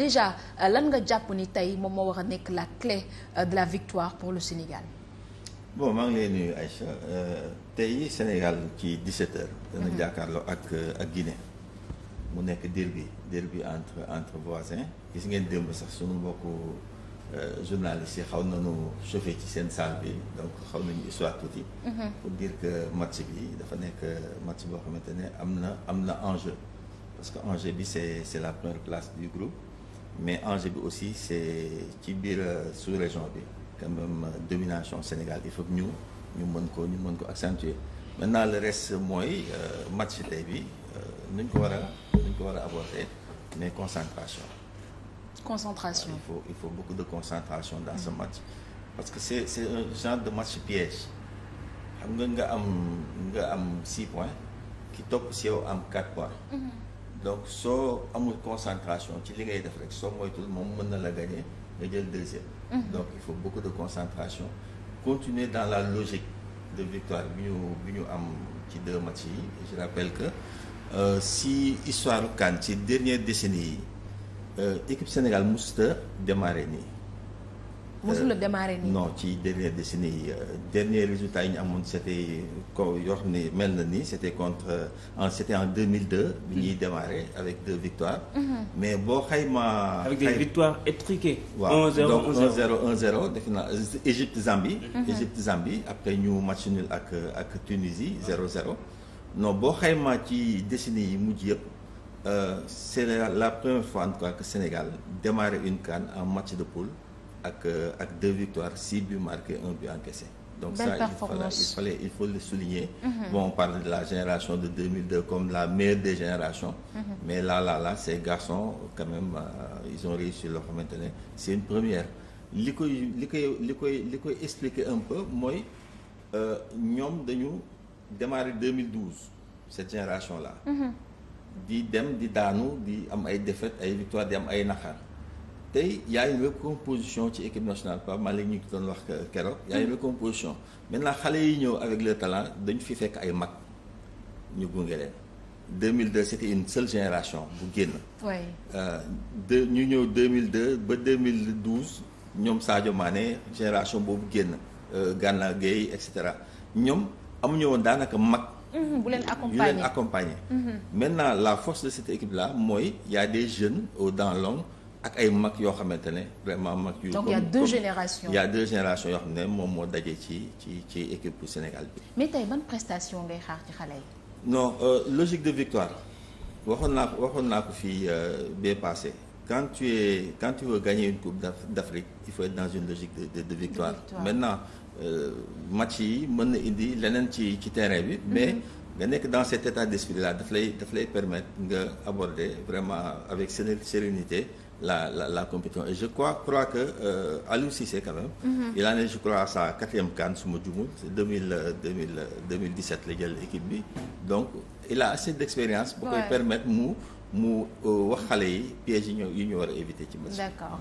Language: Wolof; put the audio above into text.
déjà euh, lan nga jàpp ni tey moom moo war a nekk la clé euh, de la victoire pour le Sénégal. bon maa ngi lay ay Aïcha euh, tey Sénégal ci 17h. dana mhm. jàkkaarloo ak ak Guinée. mu nekk derby derby entre entre voisins gis ngeen démb sax suñu mbokku journalistes yi xaw nañu chauffé ci seen salle bi donc xaw nañu histoire tuuti. Mhm. pour dire que match bi dafa nekk match boo xamante ne am na am na enjeu. parce que enjeu bi c'est c'est la première place du groupe. mais enjeu bi aussi c'est ci biir euh, sous-région bi quand même euh, domination Sénégal il faut ñu ñu mën ko ñu mën ko accentuer maintenant le reste mooy euh, match tey bi nuñ ko war a nuñ ko war a aborder mais concentration. concentration il faut il faut beaucoup de concentration dans ce match parce que c'est c'est un genre de match piège xam nga nga am nga am six points ki topp si yow am quatre points. Mhm. donc soo amul concentration ci li ngay def rek soo moytul moom mën na la gagner nga jël deuxième. Mm-hmm. donc il faut beaucoup de concentration continuer dans la logique de victoire bi ñu bi ñu am ci deux matchs yi je rappelle que euh, si histoire CAN ci dernière décennie yi euh, équipe Sénégal musta démarrer nii. mosul la démarrer non ci dernière décennie yi euh, dernier résultat yi ñu amoon c' était ko yoo xam ne mel na ni c' était contre euh, en c' était en 2002. bi ñuy mm-hmm. démarrer avec deux victoires. Mm-hmm. mais boo xayma. avec des victoires étriquées. 1-0 donc 1-0 1 def na euh, Égypte Zambie. Mm-hmm. Égypte Zambie après ñu match nul ak ak Tunisie 0-0 non boo xayma ci décennie yi mujj yëpp. Euh, la, la première fois en tout que Sénégal démarre une CAN en match de poule ak euh, ak deux victoires six buts marqués un but encaissé donc Belle ça il fallait, il il faut le souligner mhm. bon on parle de la génération de 2002 comme la meilleure des générations mm -hmm. mais là la la ces garçons quand même euh, ils ont réussi loo xamante ne c'est une première li koy li koy li koy li koy expliquer un peu mooy euh, ñoom dañu démarrer 2012 cette génération la mhm. di dem di daanu di am ay défaites ay victoires di am ay naxar tey y a une recomposition ci équipe nationale Pape Malick ñu ngi doon wax keroog y a une mm. recomposition maintenant xale yi ñëw avec le talent dañu fi fekk ay mag ñu gunge leen 2002 c'était une seule génération bu génn. waay euh, de ñu ñëw 2002 ba 2012 ñoom Sadio Mané génération boobu génn euh, Gana Gueye et cetera ñoom amuñu woon daanaka mag. Mm-hmm, bu leen accompagner yu leen mm-hmm. la force de cette équipe là mooy yaa a des jeunes aux dents longues. ak ay mag yoo xamante ne vraiment mag yu. donc il y deux générations. il y a deux générations yoo xam ne moom moo daje ci ci ci équipe bu Sénégal bi. mais tey ban prestation ngay xaar ci xale yi. non euh, logique de victoire waxoon naa ko waxoon naa ko fii euh, bee passé quand tu es quand tu veux gagner une coupe d'Afrique il faut être dans une logique de de, de victoire. maintenant euh, match yi mën na indi leneen ci ci terrain bi. mais mhm. nga nekk dans cet état d'esprit là daf lay daf lay permettre nga aborder vraiment avec sérénité. la la la compétition je crois crois que euh, Aliou Cissé quand même. Mhm. il en est je crois à sa quatrième CAN su ma juumul deux mille euh, deux mille euh, deux mille dix sept la jël équipe bi donc il a assez d' boo bu koy permettre mu mu euh, wax xale yi pièges yi ñu yu war a éviter ci match. D'accord.